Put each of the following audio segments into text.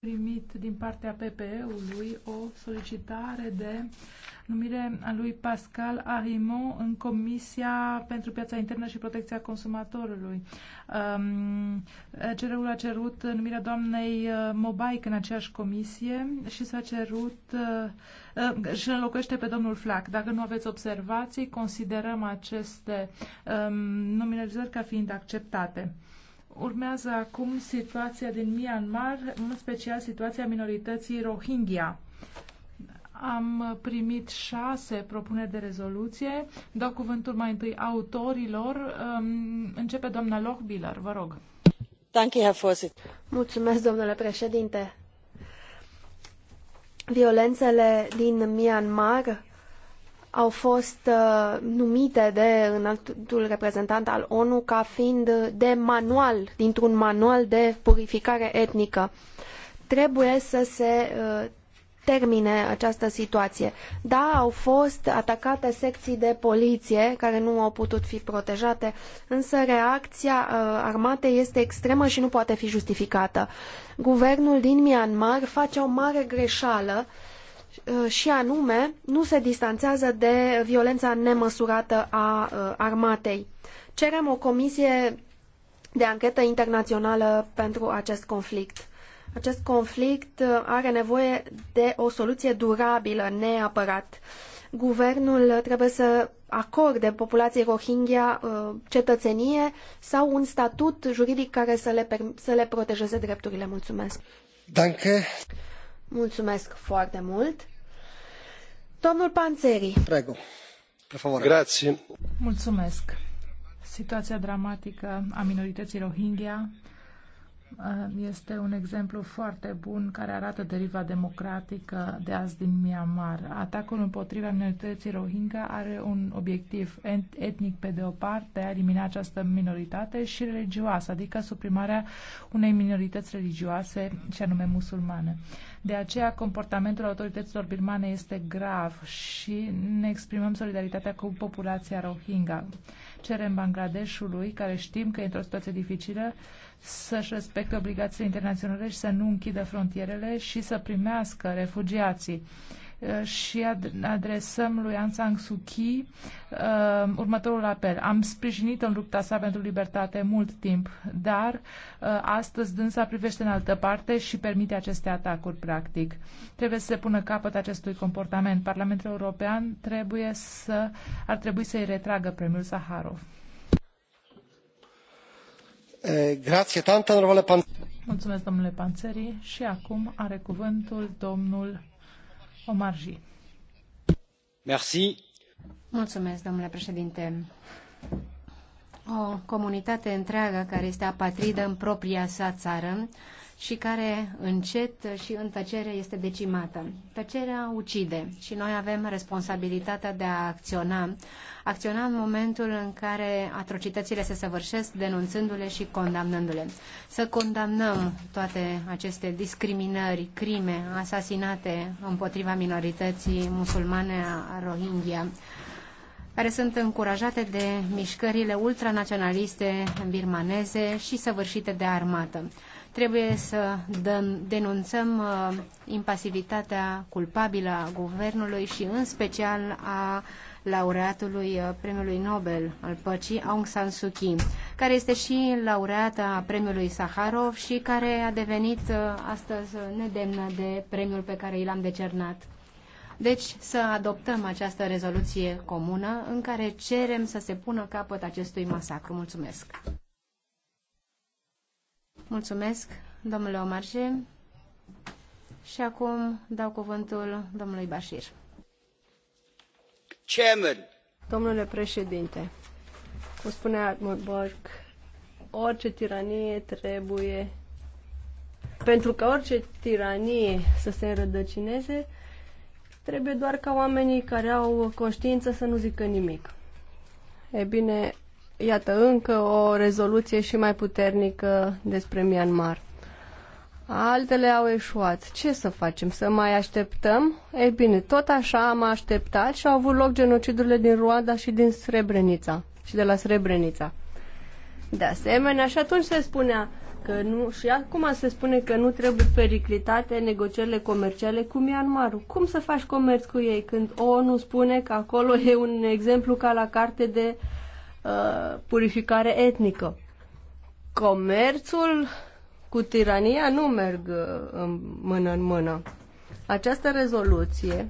primit din partea PPE-ului o solicitare de numire a lui Pascal Arimon în Comisia pentru Piața Internă și Protecția Consumatorului. Um, CRU a cerut numirea doamnei uh, Mobaic în aceeași comisie și s-a cerut uh, uh, și înlocuiește pe domnul Flac. Dacă nu aveți observații, considerăm aceste um, nominalizări ca fiind acceptate. Urmează acum situația din Myanmar, în special situația minorității Rohingya. Am primit șase propuneri de rezoluție. Dau cuvântul mai întâi autorilor. Începe doamna Lochbiller, vă rog. Mulțumesc, domnule președinte. Violențele din Myanmar au fost uh, numite de înaltul reprezentant al ONU ca fiind de manual, dintr-un manual de purificare etnică. Trebuie să se uh, termine această situație. Da, au fost atacate secții de poliție care nu au putut fi protejate, însă reacția uh, armatei este extremă și nu poate fi justificată. Guvernul din Myanmar face o mare greșeală uh, Uh, și anume nu se distanțează de violența nemăsurată a uh, armatei. Cerem o comisie de anchetă internațională pentru acest conflict. Acest conflict uh, are nevoie de o soluție durabilă, neapărat. Guvernul trebuie să acorde populației Rohingya cetățenie sau un statut juridic care să le, să le protejeze drepturile. Mulțumesc! Danke. Mulțumesc foarte mult! Domnul Mulțumesc. Situația dramatică a minorității Rohingya uh, este un exemplu foarte bun care arată deriva democratică de azi din Myanmar. Atacul împotriva minorității Rohingya are un obiectiv etnic pe de o parte, a elimina această minoritate și religioasă, adică suprimarea unei minorități religioase, și anume musulmane. De aceea, comportamentul autorităților birmane este grav și ne exprimăm solidaritatea cu populația Rohingya. Cerem Bangladeshului, care știm că e într-o situație dificilă, să-și respecte obligațiile internaționale și să nu închidă frontierele și să primească refugiații. Uh, și adresăm lui Aung San Suu Kyi uh, următorul apel. Am sprijinit în lupta sa pentru libertate mult timp, dar uh, astăzi dânsa privește în altă parte și permite aceste atacuri, practic. Trebuie să se pună capăt acestui comportament. Parlamentul European trebuie să, ar trebui să-i retragă premiul Saharov. Eh, Grație, Mulțumesc, domnule Panțeri. Și acum are cuvântul domnul Mulțumesc, domnule președinte. O comunitate întreagă care este apatridă în propria sa țară și care încet și în tăcere este decimată. Tăcerea ucide și noi avem responsabilitatea de a acționa. Acționa în momentul în care atrocitățile se săvârșesc, denunțându-le și condamnându-le. Să condamnăm toate aceste discriminări, crime, asasinate împotriva minorității musulmane a Rohingya care sunt încurajate de mișcările ultranaționaliste birmaneze și săvârșite de armată. Trebuie să denunțăm uh, impasivitatea culpabilă a guvernului și în special a laureatului uh, Premiului Nobel al Păcii, Aung San Suu Kyi, care este și laureata a Premiului Saharov și care a devenit uh, astăzi nedemnă de premiul pe care i l-am decernat. Deci să adoptăm această rezoluție comună în care cerem să se pună capăt acestui masacru. Mulțumesc! Mulțumesc, domnule Omarje. Și acum dau cuvântul domnului Bashir. Chairman. Domnule președinte, cum spunea Edmund Burke, orice tiranie trebuie pentru că orice tiranie să se înrădăcineze, trebuie doar ca oamenii care au conștiință să nu zică nimic. E bine, Iată încă o rezoluție și mai puternică despre Myanmar. Altele au eșuat. Ce să facem? Să mai așteptăm? Ei bine, tot așa am așteptat și au avut loc genocidurile din Ruanda și din Srebrenica. Și de la Srebrenica. De asemenea, și atunci se spunea că nu, și acum se spune că nu trebuie periclitate negocierile comerciale cu Myanmarul. Cum să faci comerț cu ei când ONU spune că acolo e un exemplu ca la carte de uh, Uh, purificare etnică. Comerțul cu tirania nu merg uh, în mână în mână. Această rezoluție,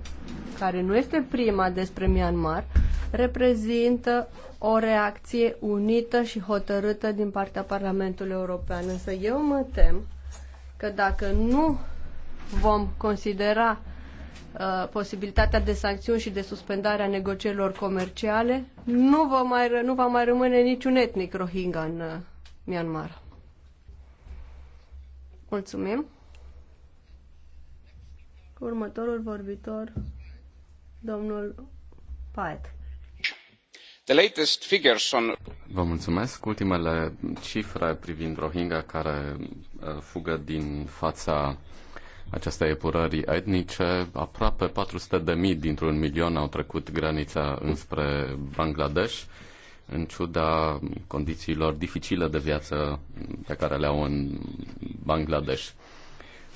care nu este prima despre Myanmar, reprezintă o reacție unită și hotărâtă din partea Parlamentului European. Însă eu mă tem că dacă nu vom considera Uh, posibilitatea de sancțiuni și de suspendare a negocierilor comerciale, nu va mai, nu va mai rămâne niciun etnic Rohingya în uh, Myanmar. Mulțumim. Următorul vorbitor, domnul Paet. The latest figures on... Vă mulțumesc. Ultimele cifre privind Rohingya care uh, fugă din fața aceste epurări etnice. Aproape 400 de mii dintr-un milion au trecut granița înspre Bangladesh, în ciuda condițiilor dificile de viață pe care le au în Bangladesh.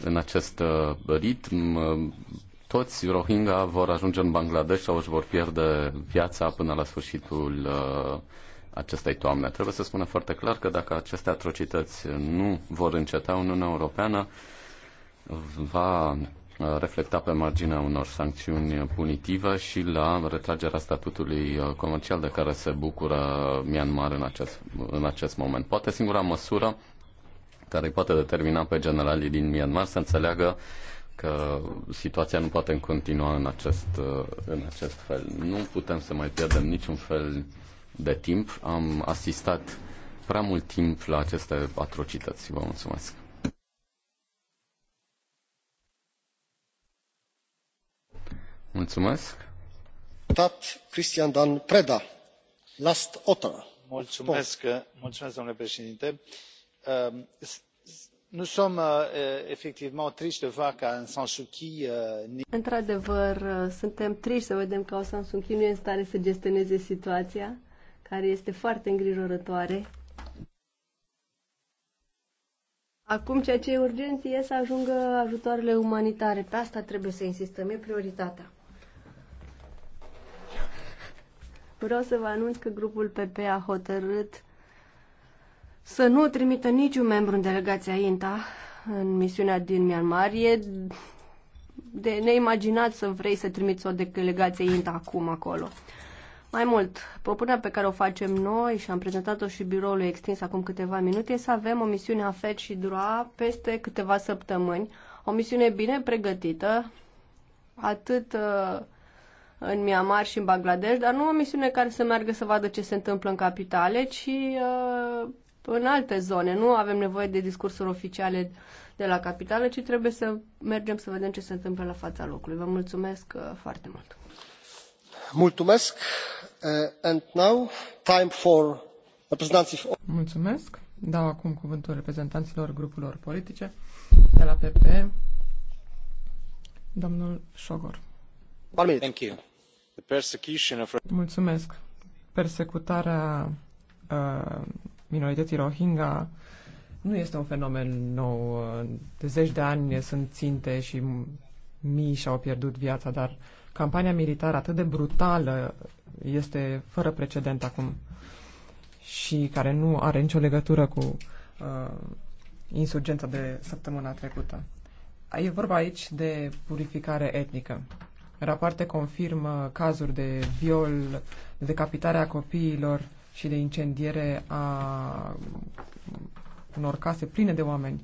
În acest uh, ritm, uh, toți Rohingya vor ajunge în Bangladesh sau își vor pierde viața până la sfârșitul uh, acestei toamne. Trebuie să spună foarte clar că dacă aceste atrocități nu vor înceta, Uniunea Europeană va uh, reflecta pe marginea unor sancțiuni punitive și la retragerea statutului uh, comercial de care se bucură Myanmar în acest, în acest moment. Poate singura măsură care îi poate determina pe generalii din Myanmar să înțeleagă că situația nu poate continua în acest, uh, în acest fel. Nu putem să mai pierdem niciun fel de timp. Am asistat prea mult timp la aceste atrocități. Vă mulțumesc. Mulțumesc. Preda. Last domnule președinte ehm, nous sommes uh, effectivement tristes de voir qu'Aung San Suu Kyi uh, Într-adevăr, uh, suntem triști să vedem că Aung San Suu Kyi nu este în stare să gestioneze situația, care este foarte îngrijorătoare. Acum, ceea ce e urgent e să ajungă ajutoarele umanitare. Pe asta trebuie să insistăm, e prioritatea. Vreau să vă anunț că grupul PP a hotărât să nu trimită niciun membru în delegația INTA în misiunea din Myanmar. E de neimaginat să vrei să trimiți o delegație INTA acum acolo. Mai mult, propunerea pe care o facem noi și am prezentat-o și biroului extins acum câteva minute e să avem o misiune a FED și DROA peste câteva săptămâni. O misiune bine pregătită, atât uh, în Myanmar și în Bangladesh, dar nu o misiune care să meargă să vadă ce se întâmplă în capitale, ci uh, în alte zone. Nu avem nevoie de discursuri oficiale de la capitală, ci trebuie să mergem să vedem ce se întâmplă la fața locului. Vă mulțumesc uh, foarte mult. Mulțumesc. Uh, and now time for representanții. Mulțumesc. Dau acum cuvântul reprezentanților grupurilor politice de la PP. Domnul Șogor. Thank you Mulțumesc. Persecutarea uh, minorității Rohingya nu este un fenomen nou. De zeci de ani sunt ținte și mii și-au pierdut viața, dar campania militară atât de brutală este fără precedent acum și care nu are nicio legătură cu uh, insurgența de săptămâna trecută. E vorba aici de purificare etnică. Rapoarte confirmă cazuri de viol, de decapitare a copiilor și de incendiere a unor case pline de oameni.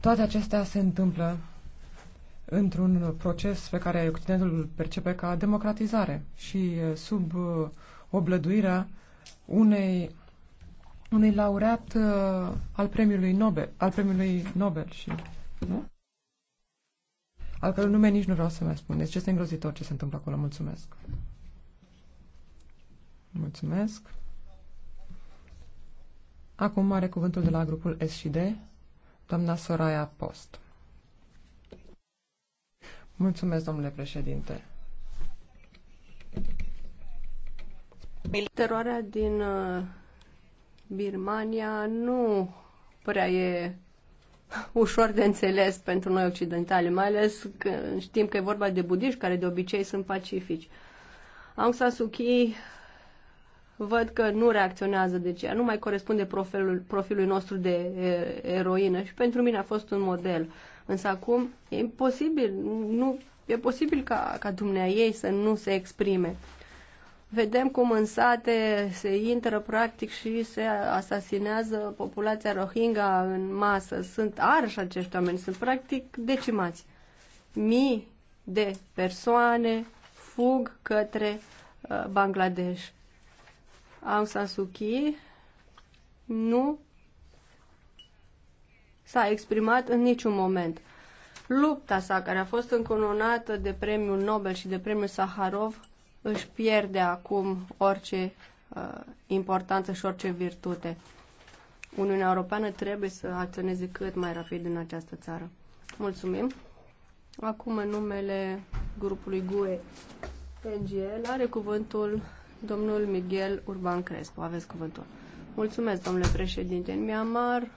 Toate acestea se întâmplă într-un proces pe care Occidentul îl percepe ca democratizare și sub oblăduirea unei, unui laureat al premiului Nobel, al premiului Nobel și, nu? al cărui nume nici nu vreau să mai spun. Deci este îngrozitor ce se întâmplă acolo. Mulțumesc. Mulțumesc. Acum are cuvântul de la grupul S și D, doamna Soraya Post. Mulțumesc, domnule președinte. Teroarea din uh, Birmania nu prea e ușor de înțeles pentru noi occidentali, mai ales că știm că e vorba de budiști care de obicei sunt pacifici. Aung San Suu Kyi văd că nu reacționează de ce, nu mai corespunde profilul, profilului nostru de eroină și pentru mine a fost un model. Însă acum e imposibil, nu, e posibil ca, ca dumnea ei să nu se exprime. Vedem cum în sate se intră practic și se asasinează populația Rohingya în masă. Sunt arși acești oameni, sunt practic decimați. Mii de persoane fug către uh, Bangladesh. Aung San Suu Kyi nu s-a exprimat în niciun moment. Lupta sa, care a fost încononată de premiul Nobel și de premiul Saharov, își pierde acum orice uh, importanță și orice virtute. Uniunea Europeană trebuie să acționeze cât mai rapid în această țară. Mulțumim. Acum în numele grupului GUE NGL are cuvântul domnul Miguel Urban Crespo. Aveți cuvântul. Mulțumesc, domnule președinte. În Myanmar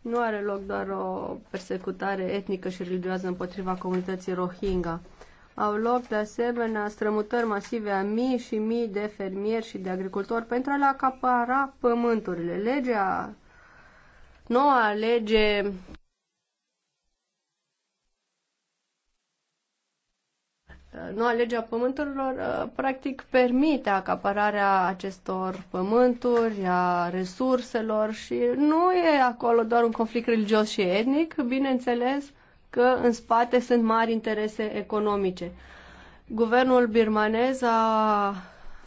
nu are loc doar o persecutare etnică și religioasă împotriva comunității Rohingya au loc de asemenea strămutări masive a mii și mii de fermieri și de agricultori pentru a le acapara pământurile. Legea, noua lege Noua lege a pământurilor uh, practic permite acapararea acestor pământuri, a resurselor și nu e acolo doar un conflict religios și etnic, bineînțeles, că în spate sunt mari interese economice. Guvernul birmanez a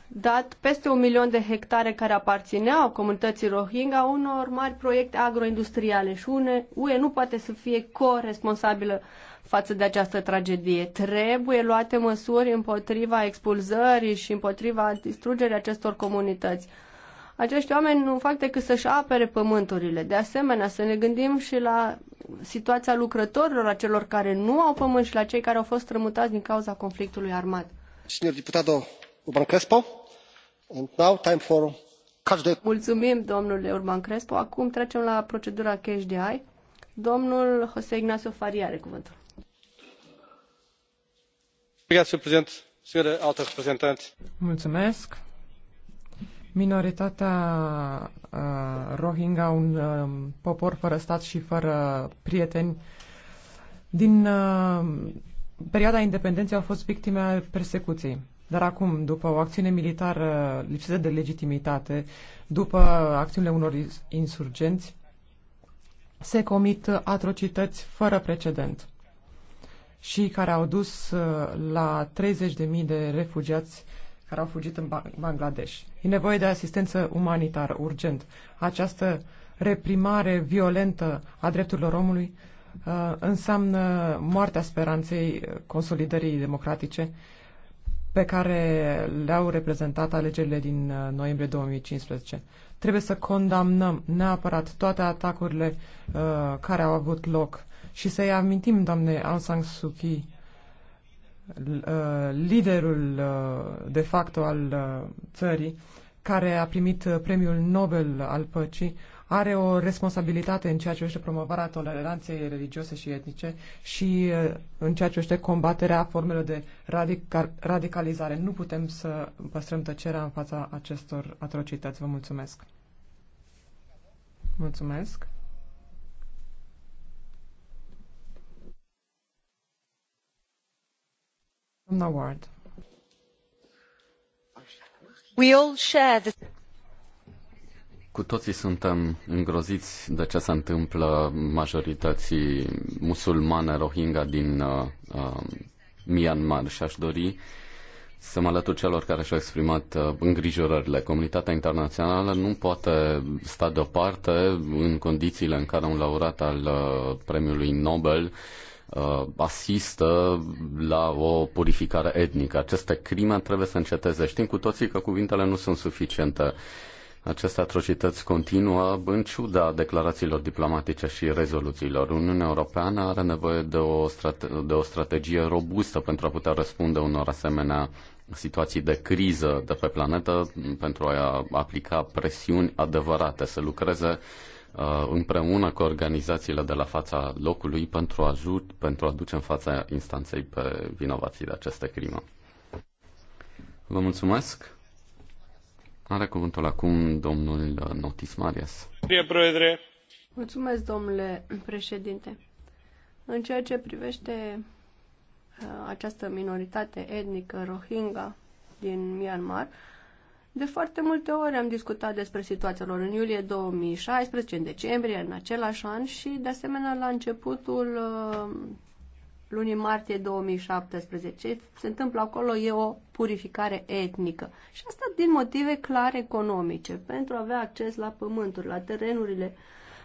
dat peste un milion de hectare care aparțineau comunității Rohingya unor mari proiecte agroindustriale și une, UE nu poate să fie co-responsabilă față de această tragedie. Trebuie luate măsuri împotriva expulzării și împotriva distrugerii acestor comunități. Acești oameni nu fac decât să-și apere pământurile. De asemenea, să ne gândim și la situația lucrătorilor, a celor care nu au pământ și la cei care au fost strămutați din cauza conflictului armat. Mulțumim, domnule Urban Crespo. Acum trecem la procedura cash de ai. Domnul José Ignacio Faria are cuvântul. Mulțumesc, Minoritatea uh, Rohingya, un uh, popor fără stat și fără prieteni, din uh, perioada independenței au fost victime ale persecuției. Dar acum, după o acțiune militară lipsită de legitimitate, după acțiunile unor insurgenți, se comit atrocități fără precedent și care au dus uh, la 30.000 de refugiați care au fugit în Bangladesh. E nevoie de asistență umanitară urgent. Această reprimare violentă a drepturilor omului uh, înseamnă moartea speranței consolidării democratice pe care le-au reprezentat alegerile din uh, noiembrie 2015. Trebuie să condamnăm neapărat toate atacurile uh, care au avut loc și să-i amintim, doamne Aung San Suu Kyi, Uh, liderul uh, de facto al uh, țării, care a primit premiul Nobel al păcii, are o responsabilitate în ceea ce este promovarea toleranței religioase și etnice și în ceea ce este combaterea formelor de radica- radicalizare. Nu putem să păstrăm tăcerea în fața acestor atrocități. Vă mulțumesc! Mulțumesc! Cu toții suntem îngroziți de ce se întâmplă majorității musulmane Rohingya din uh, uh Myanmar și aș dori să mă alătur celor care și-au exprimat uh, îngrijorările. Comunitatea internațională nu poate sta deoparte în condițiile în care un laureat al uh, premiului Nobel Uh, asistă la o purificare etnică. Aceste crime trebuie să înceteze. Știm cu toții că cuvintele nu sunt suficiente. Aceste atrocități continuă în ciuda declarațiilor diplomatice și rezoluțiilor. Uniunea Europeană are nevoie de o, strate- de o strategie robustă pentru a putea răspunde unor asemenea situații de criză de pe planetă pentru a aplica presiuni adevărate, să lucreze Uh, împreună cu organizațiile de la fața locului pentru a, ajut, pentru a duce în fața instanței pe vinovații de aceste crimă. Vă mulțumesc. Are cuvântul acum domnul uh, Notis Marias. Mulțumesc, domnule președinte. În ceea ce privește uh, această minoritate etnică Rohingya din Myanmar, de foarte multe ori am discutat despre situația lor în iulie 2016, în decembrie, în același an și, de asemenea, la începutul uh, lunii martie 2017. Se întâmplă acolo e o purificare etnică. Și asta din motive clar economice, pentru a avea acces la pământuri, la terenurile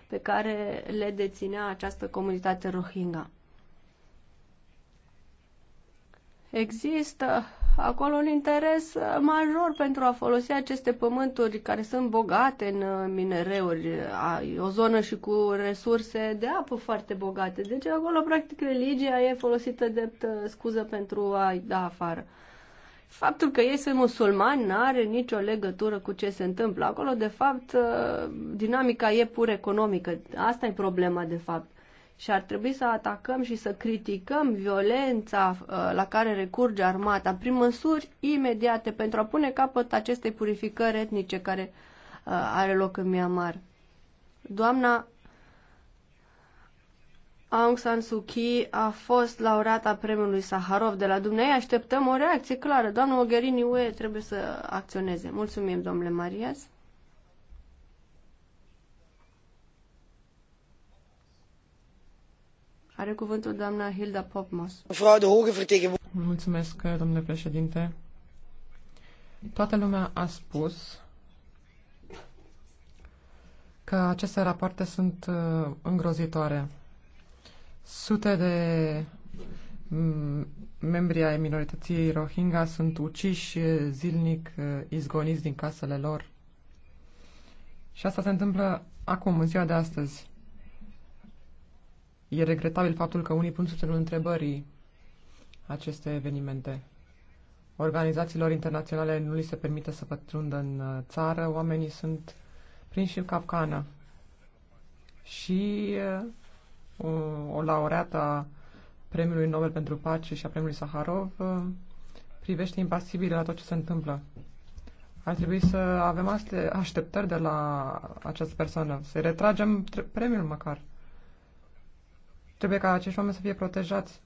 pe care le deținea această comunitate Rohingya. Există acolo un interes uh, major pentru a folosi aceste pământuri care sunt bogate în uh, minereuri, o zonă și cu resurse de apă foarte bogate. Deci acolo, practic, religia e folosită drept uh, scuză pentru a-i da afară. Faptul că ei sunt musulmani nu are nicio legătură cu ce se întâmplă acolo. De fapt, dinamica e pur economică. Asta e problema, de fapt și ar trebui să atacăm și să criticăm violența uh, la care recurge armata prin măsuri imediate pentru a pune capăt acestei purificări etnice care uh, are loc în Myanmar. Doamna Aung San Suu Kyi a fost laureata premiului Saharov de la dumneavoastră. Așteptăm o reacție clară. Doamna Mogherini UE trebuie să acționeze. Mulțumim, domnule Marias. Are cuvântul doamna Hilda Popmos. Mulțumesc, domnule președinte. Toată lumea a spus că aceste rapoarte sunt uh, îngrozitoare. Sute de mm, membri ai minorității Rohingya sunt uciși zilnic, uh, izgoniți din casele lor. Și asta se întâmplă acum, în ziua de astăzi. E regretabil faptul că unii pun sub semnul întrebării aceste evenimente. Organizațiilor internaționale nu li se permite să pătrundă în uh, țară, oamenii sunt prinși în capcană. Și uh, o, laureată a Premiului Nobel pentru Pace și a Premiului Saharov uh, privește impasibil la tot ce se întâmplă. Ar trebui să avem aste așteptări de la această persoană, să retragem premiul măcar. Trebuie ca acești oameni să fie protejați.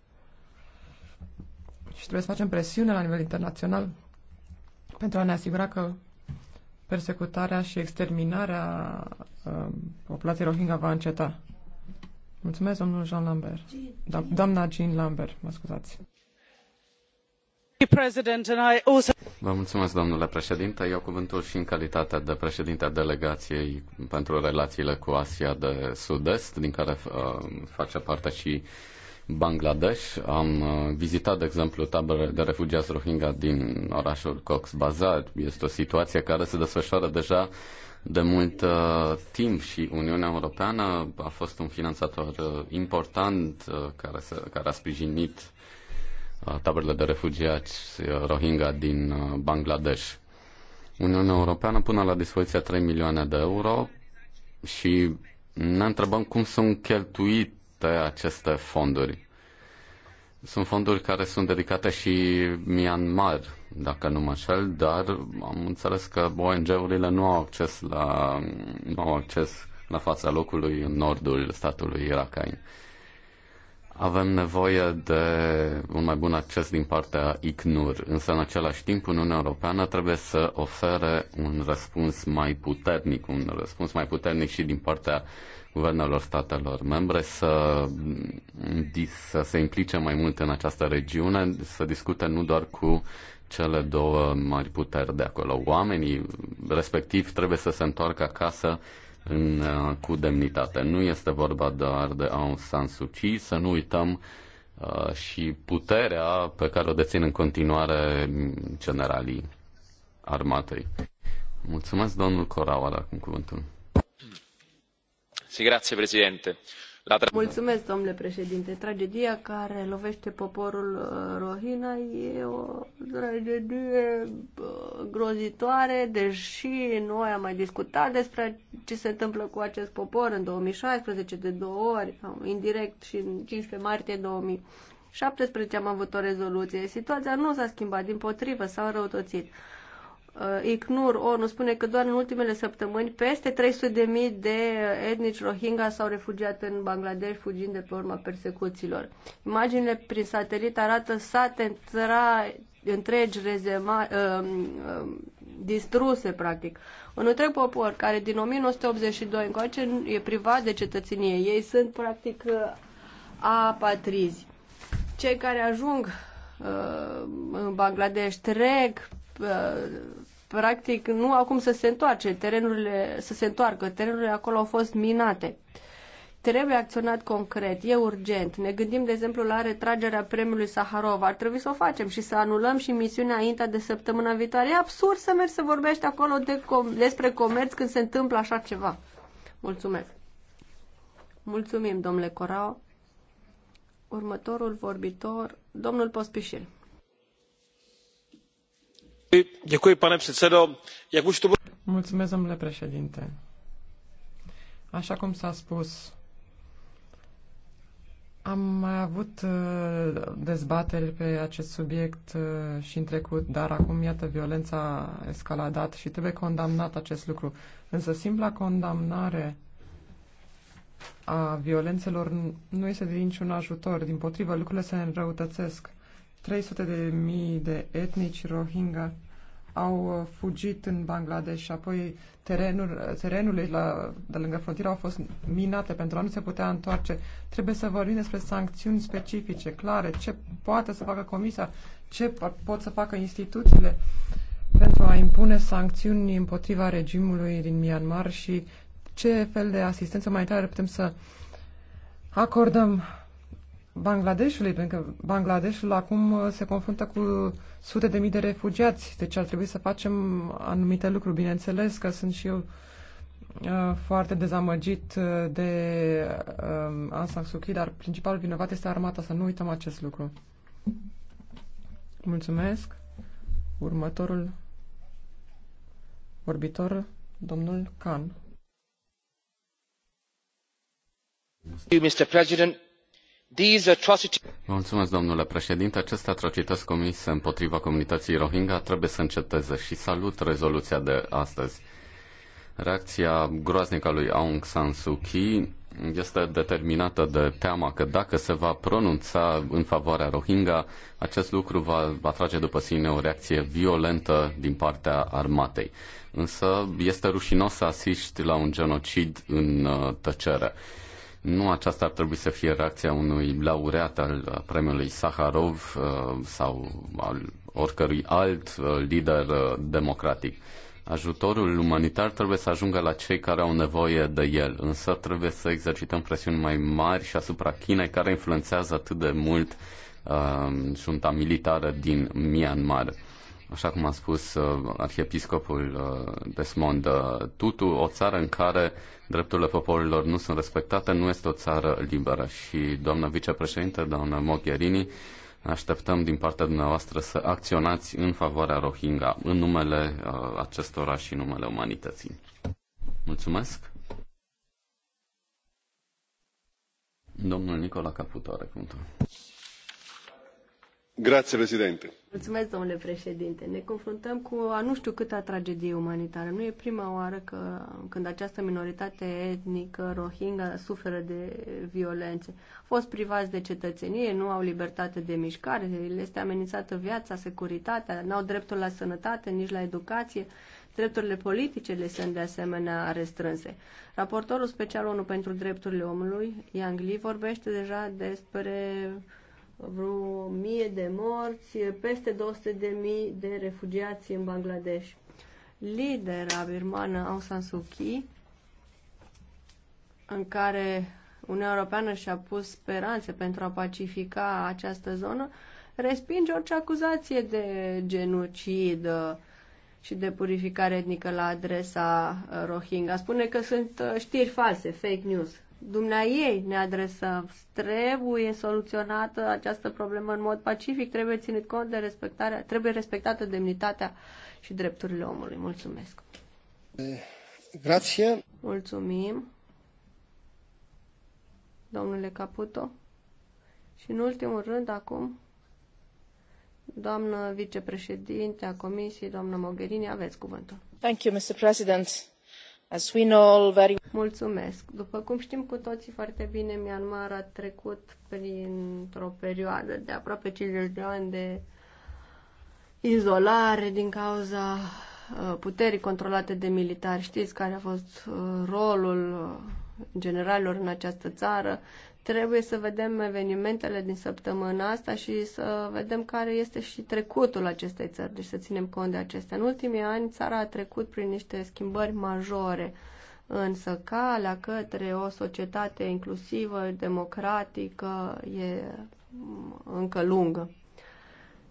Și trebuie să facem presiune la nivel internațional pentru a ne asigura că persecutarea și exterminarea uh, populației Rohingya va înceta. Mulțumesc, domnul Jean Lambert. Do da, doamna Jean Lambert, mă scuzați. Vă mulțumesc, domnule președinte. Iau cuvântul și în calitate de președinte a delegației pentru relațiile cu Asia de Sud-Est, din care uh, face parte și Bangladesh. Am uh, vizitat, de exemplu, tabere de refugiați Rohingya din orașul Cox Bazar. Este o situație care se desfășoară deja de mult uh, timp și Uniunea Europeană a fost un finanțator uh, important uh, care, se, care a sprijinit uh, taberele de refugiați uh, Rohingya din uh, Bangladesh. Uniunea Europeană pune la dispoziție 3 milioane de euro și ne întrebăm cum sunt cheltuite aceste fonduri. Sunt fonduri care sunt dedicate și Myanmar, dacă nu mă înșel, dar am înțeles că ONG-urile nu au acces la, nu au acces la fața locului în nordul statului Irakain. Avem nevoie de un mai bun acces din partea ICNUR, însă în același timp Uniunea Europeană trebuie să ofere un răspuns mai puternic, un răspuns mai puternic și din partea guvernelor statelor membre să, să se implice mai mult în această regiune, să discute nu doar cu cele două mari puteri de acolo. Oamenii respectiv trebuie să se întoarcă acasă în, uh, cu demnitate. Nu este vorba doar de Aung San Suu Kyi, să nu uităm uh, și puterea pe care o dețin în continuare generalii armatei. Mulțumesc, domnul Corau, acum cuvântul. Sì, grazie, președinte la Mulțumesc, domnule președinte. Tragedia care lovește poporul uh, Rohina e o tragedie uh, grozitoare, deși noi am mai discutat despre ce se întâmplă cu acest popor în 2016 de două ori, indirect și în 15 martie 2017 am avut o rezoluție. Situația nu s-a schimbat, din potrivă s-a înrăutățit. Uh, ICNUR ONU spune că doar în ultimele săptămâni peste 300.000 de etnici Rohingya s-au refugiat în Bangladesh fugind de pe urma persecuțiilor. Imaginile prin satelit arată sate întregi rezema, uh, uh, distruse, practic. Un întreg popor care din 1982 încoace e privat de cetățenie. Ei sunt, practic, uh, apatrizi. Cei care ajung uh, în Bangladesh trec Uh, practic nu au cum să se întoarce, terenurile, să se întoarcă, terenurile acolo au fost minate. Trebuie acționat concret, e urgent. Ne gândim, de exemplu, la retragerea premiului Saharov. Ar trebui să o facem și să anulăm și misiunea INTA de săptămâna viitoare. E absurd să mergi să vorbești acolo de com- despre comerț când se întâmplă așa ceva. Mulțumesc. Mulțumim, domnule Corao. Următorul vorbitor, domnul Pospișil. Mulțumesc, domnule președinte. Așa cum s-a spus, am mai avut uh, dezbateri pe acest subiect uh, și în trecut, dar acum, iată, violența a escaladat și trebuie condamnat acest lucru. Însă simpla condamnare a violențelor nu este de niciun ajutor. Din potrivă, lucrurile se înrăutățesc. 300 de mii de etnici Rohingya au uh, fugit în Bangladesh și apoi terenul, uh, terenurile la, de lângă frontieră au fost minate pentru a nu se putea întoarce. Trebuie să vorbim despre sancțiuni specifice, clare, ce poate să facă comisia, ce pot să facă instituțiile pentru a impune sancțiuni împotriva regimului din Myanmar și ce fel de asistență mai tare putem să acordăm Bangladeshului, pentru că Bangladeshul acum uh, se confruntă cu sute de mii de refugiați, deci ar trebui să facem anumite lucruri. Bineînțeles că sunt și eu uh, foarte dezamăgit uh, de um, Aung San Suu Kyi, dar principalul vinovat este armata, să nu uităm acest lucru. Mulțumesc. Următorul vorbitor, domnul Khan. Mr. President, Mulțumesc, domnule președinte. Aceste atrocități comise împotriva comunității Rohingya trebuie să înceteze și salut rezoluția de astăzi. Reacția groaznică a lui Aung San Suu Kyi este determinată de teama că dacă se va pronunța în favoarea Rohingya, acest lucru va atrage după sine o reacție violentă din partea armatei. Însă este rușinos să asiști la un genocid în uh, tăcere. Nu aceasta ar trebui să fie reacția unui laureat al uh, premiului Saharov uh, sau al oricărui alt uh, lider democratic. Ajutorul umanitar trebuie să ajungă la cei care au nevoie de el, însă trebuie să exercităm presiuni mai mari și asupra Chinei, care influențează atât de mult uh, junta militară din Myanmar așa cum a spus uh, arhiepiscopul uh, Desmond uh, Tutu, o țară în care drepturile poporilor nu sunt respectate nu este o țară liberă. Și, doamna vicepreședinte, doamna Mogherini, așteptăm din partea dumneavoastră să acționați în favoarea Rohingya, în numele acestora și în numele umanității. Mulțumesc! Domnul Nicola Caputo are cuvântul. Mulțumesc, domnule președinte. Ne confruntăm cu a nu știu câta tragedie umanitară. Nu e prima oară că, când această minoritate etnică Rohingya suferă de violențe. Au fost privați de cetățenie, nu au libertate de mișcare, le este amenințată viața, securitatea, nu au dreptul la sănătate, nici la educație. Drepturile politice le sunt de asemenea restrânse. Raportorul special ONU pentru drepturile omului, Yang Li, vorbește deja despre vreo mie de morți, peste 200 de mii de refugiați în Bangladesh. Lidera birmană Aung San Suu Kyi, în care Uniunea Europeană și-a pus speranțe pentru a pacifica această zonă, respinge orice acuzație de genocid și de purificare etnică la adresa Rohingya. Spune că sunt uh, știri false, fake news dumneaei ne adresăm. Trebuie soluționată această problemă în mod pacific, trebuie ținut cont de respectarea, trebuie respectată demnitatea și drepturile omului. Mulțumesc. Grație. Mulțumim. Domnule Caputo. Și în ultimul rând, acum, doamnă vicepreședinte a Comisiei, doamnă Mogherini, aveți cuvântul. Thank you, Mr. President. As we know all very... Mulțumesc. După cum știm cu toții foarte bine, Myanmar a trecut printr-o perioadă de aproape 50 de ani de izolare din cauza uh, puterii controlate de militari. Știți care a fost uh, rolul uh, generalilor în această țară. Trebuie să vedem evenimentele din săptămâna asta și să vedem care este și trecutul acestei țări, deci să ținem cont de acestea. În ultimii ani, țara a trecut prin niște schimbări majore, însă calea către o societate inclusivă, democratică, e încă lungă.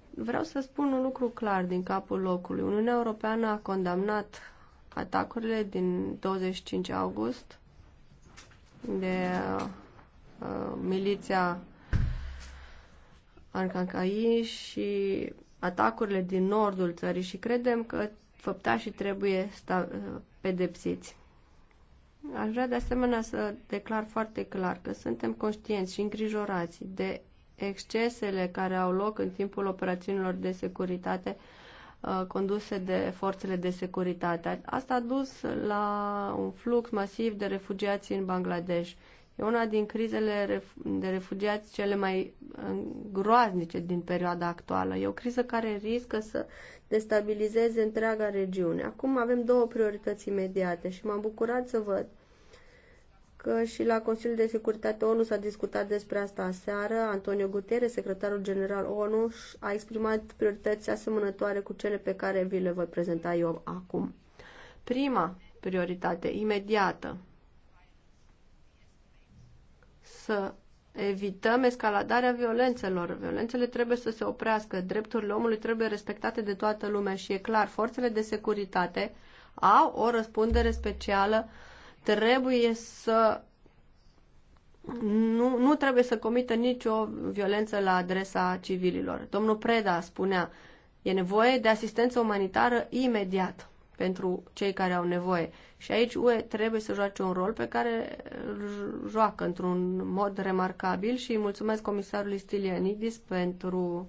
Vreau să spun un lucru clar din capul locului. Uniunea Europeană a condamnat atacurile din 25 august de Uh, miliția Ancancai și atacurile din nordul țării și credem că făptașii trebuie sta- uh, pedepsiți. Aș vrea de asemenea să declar foarte clar că suntem conștienți și îngrijorați de excesele care au loc în timpul operațiunilor de securitate uh, conduse de forțele de securitate. Asta a dus la un flux masiv de refugiați în Bangladesh E una din crizele de refugiați cele mai uh, groaznice din perioada actuală. E o criză care riscă să destabilizeze întreaga regiune. Acum avem două priorități imediate și m-am bucurat să văd că și la Consiliul de Securitate ONU s-a discutat despre asta aseară. Antonio Guterres, secretarul general ONU, a exprimat priorități asemănătoare cu cele pe care vi le voi prezenta eu acum. Prima prioritate imediată să evităm escaladarea violențelor. Violențele trebuie să se oprească, drepturile omului trebuie respectate de toată lumea și e clar, forțele de securitate au o răspundere specială, trebuie să nu, nu trebuie să comită nicio violență la adresa civililor. Domnul Preda spunea, e nevoie de asistență umanitară imediat pentru cei care au nevoie și aici UE trebuie să joace un rol pe care îl joacă într-un mod remarcabil și îi mulțumesc comisarului Stilianidis pentru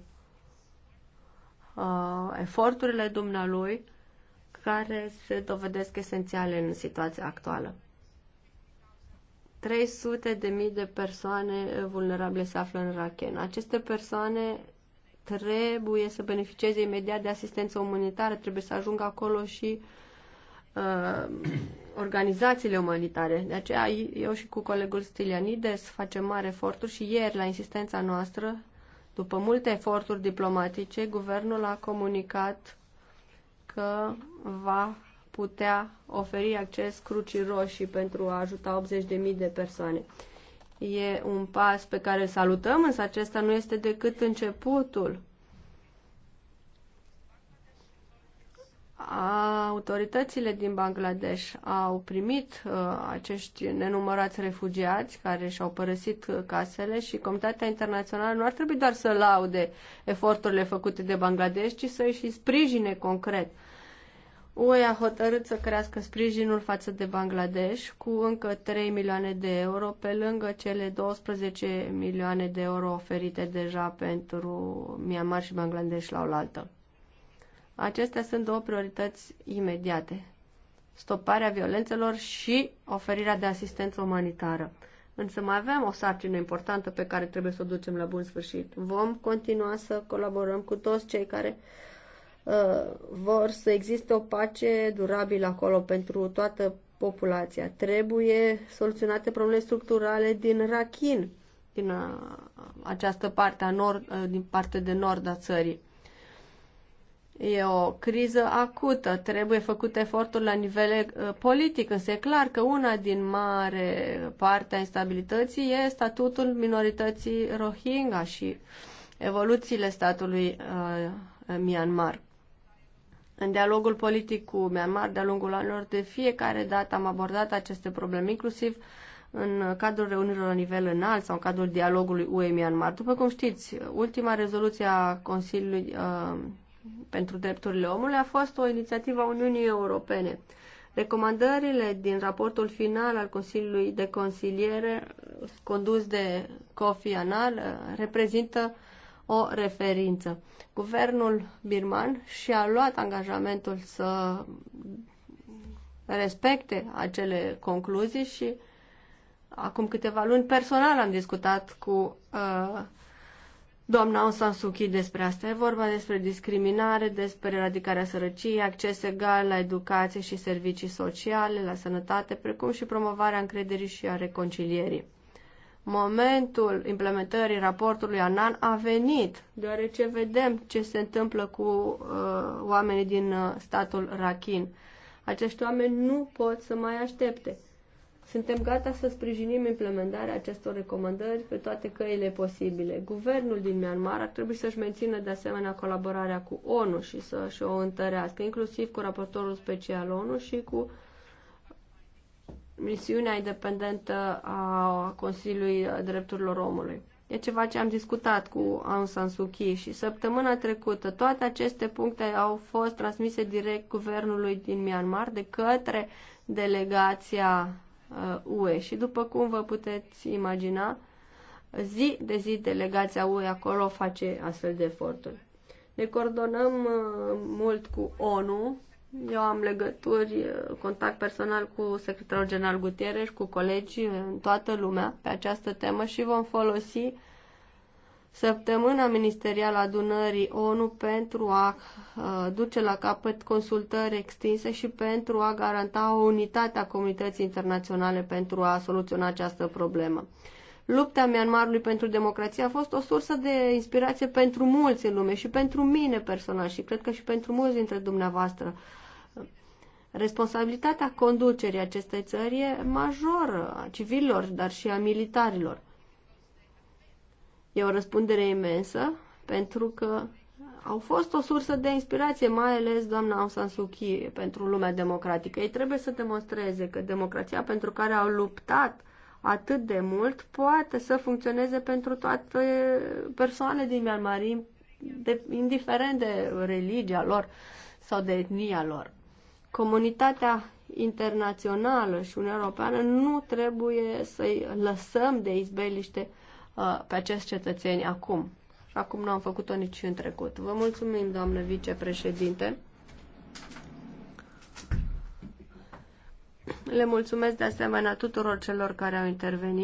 uh, eforturile dumnealui care se dovedesc esențiale în situația actuală. 300 de mii de persoane vulnerabile se află în Rachen. Aceste persoane trebuie să beneficieze imediat de asistență umanitară, trebuie să ajungă acolo și uh, uh, organizațiile umanitare. De aceea eu și cu colegul Stilianides facem mari eforturi și ieri, la insistența noastră, după multe eforturi diplomatice, guvernul a comunicat că va putea oferi acces Crucii Roșii pentru a ajuta 80.000 de persoane. E un pas pe care îl salutăm, însă acesta nu este decât începutul Autoritățile din Bangladesh au primit uh, acești nenumărați refugiați care și-au părăsit casele și comunitatea internațională nu ar trebui doar să laude eforturile făcute de Bangladesh, ci să-i și sprijine concret. UE a hotărât să crească sprijinul față de Bangladesh cu încă 3 milioane de euro, pe lângă cele 12 milioane de euro oferite deja pentru Myanmar și Bangladesh la oaltă. Acestea sunt două priorități imediate. Stoparea violențelor și oferirea de asistență umanitară. Însă mai avem o sarcină importantă pe care trebuie să o ducem la bun sfârșit. Vom continua să colaborăm cu toți cei care uh, vor să existe o pace durabilă acolo pentru toată populația. Trebuie soluționate probleme structurale din Rakhine, din a, uh, această parte a nord, uh, din partea de nord a țării. E o criză acută, trebuie făcut efortul la nivel uh, politic, însă e clar că una din mare parte a instabilității e statutul minorității Rohingya și evoluțiile statului uh, Myanmar. În dialogul politic cu Myanmar de-a lungul anilor, de fiecare dată am abordat aceste probleme, inclusiv în cadrul reunirilor la nivel înalt sau în cadrul dialogului UE-Myanmar. După cum știți, ultima rezoluție a Consiliului uh, pentru drepturile omului a fost o inițiativă a Uniunii Europene. Recomandările din raportul final al Consiliului de Consiliere, condus de Kofi Annan, reprezintă o referință. Guvernul birman și-a luat angajamentul să respecte acele concluzii și acum câteva luni personal am discutat cu uh, doamna Aung San Suu Kyi despre asta. E vorba despre discriminare, despre eradicarea sărăciei, acces egal la educație și servicii sociale, la sănătate, precum și promovarea încrederii și a reconcilierii. Momentul implementării raportului ANAN a venit, deoarece vedem ce se întâmplă cu uh, oamenii din uh, statul Rakhine. Acești oameni nu pot să mai aștepte. Suntem gata să sprijinim implementarea acestor recomandări pe toate căile posibile. Guvernul din Myanmar ar trebui să-și mențină de asemenea colaborarea cu ONU și să-și o întărească, inclusiv cu raportorul special ONU și cu misiunea independentă a Consiliului Drepturilor Omului. E ceva ce am discutat cu Aung San Suu Kyi și săptămâna trecută toate aceste puncte au fost transmise direct guvernului din Myanmar de către delegația UE uh, și după cum vă puteți imagina, zi de zi delegația UE acolo face astfel de eforturi. Ne coordonăm uh, mult cu ONU, eu am legături, uh, contact personal cu secretarul general Gutierrez, cu colegi în toată lumea pe această temă și vom folosi uh, săptămâna ministerială a adunării ONU pentru a uh, duce la capăt consultări extinse și pentru a garanta o unitate a comunității internaționale pentru a soluționa această problemă. Lupta Myanmarului pentru democrație a fost o sursă de inspirație pentru mulți în lume și pentru mine personal și cred că și pentru mulți dintre dumneavoastră. Responsabilitatea conducerii acestei țări e majoră a civililor, dar și a militarilor. E o răspundere imensă pentru că au fost o sursă de inspirație, mai ales doamna Aung San Suu Kyi, pentru lumea democratică. Ei trebuie să demonstreze că democrația pentru care au luptat atât de mult poate să funcționeze pentru toate persoanele din Myanmar, indiferent de religia lor sau de etnia lor. Comunitatea internațională și Uniunea Europeană nu trebuie să-i lăsăm de izbeliște uh, Uh, pe acești cetățeni acum, Și acum nu am făcut-o nici în trecut. Vă mulțumim, doamnă vicepreședinte. Le mulțumesc de asemenea tuturor celor care au intervenit.